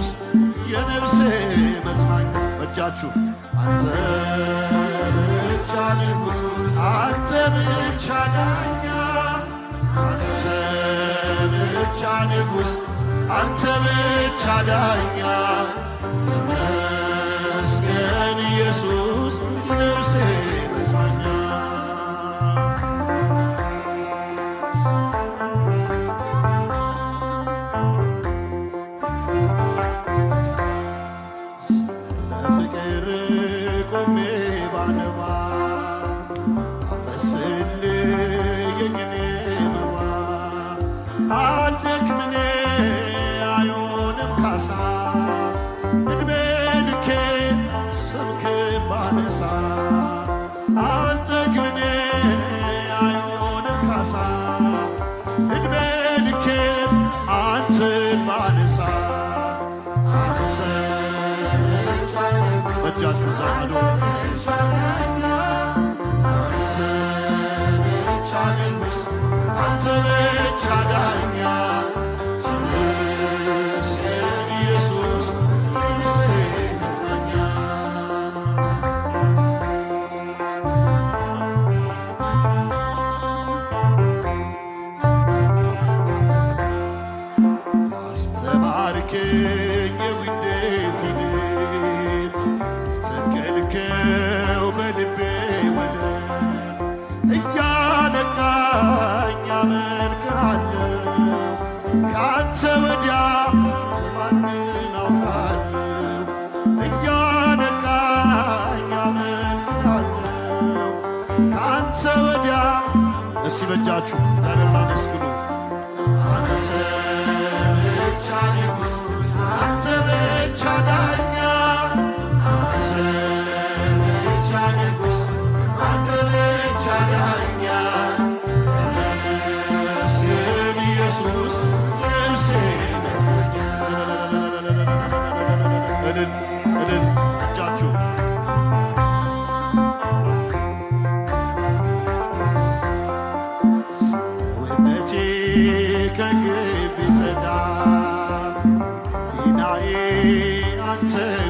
ኢየሱስ የነፍሴ መዝናኝ በእጃችሁ አንተ ብቻ ንጉሥ አንተ ብቻ ዳኛ አንተ ብቻ ንጉሥ አንተ ብቻ ዳኛ ተመስገን ኢየሱስ አልደክምን አይሆንም ካሳ እድሜ ልኬን ስምህን ባነሳ አልጠግብን አይሆንም ካሳ እድሜ ልኬን አንተን ባነሳ በእጃችሁ ዛሉ አንተ ብቻ ዳኛ እያነቃኝ አመልክሃለሁ ከአንተ ወዲያ ማንን አውቃለሁ እያነቃኝ አመልክሃለሁ ከአንተ ወዲያ እስቲ በእጃችሁ ውስጥ ፍሬንሴ እልል እልል እጃችሁ ሰውነቴ ከግብ ይጸዳ ናዬ አንተን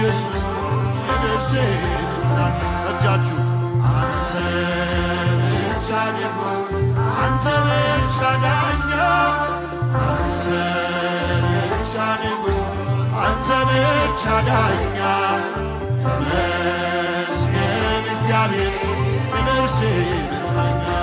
ኢየሱስ የነፍሴ ደስታ እጃችሁ አንተ ብቻ ንጉሥ፣ አንተ ብቻ ዳኛ፣ አንተ ብቻ ንጉሥ፣ አንተ ብቻ ዳኛ ተመስገን እግዚአብሔር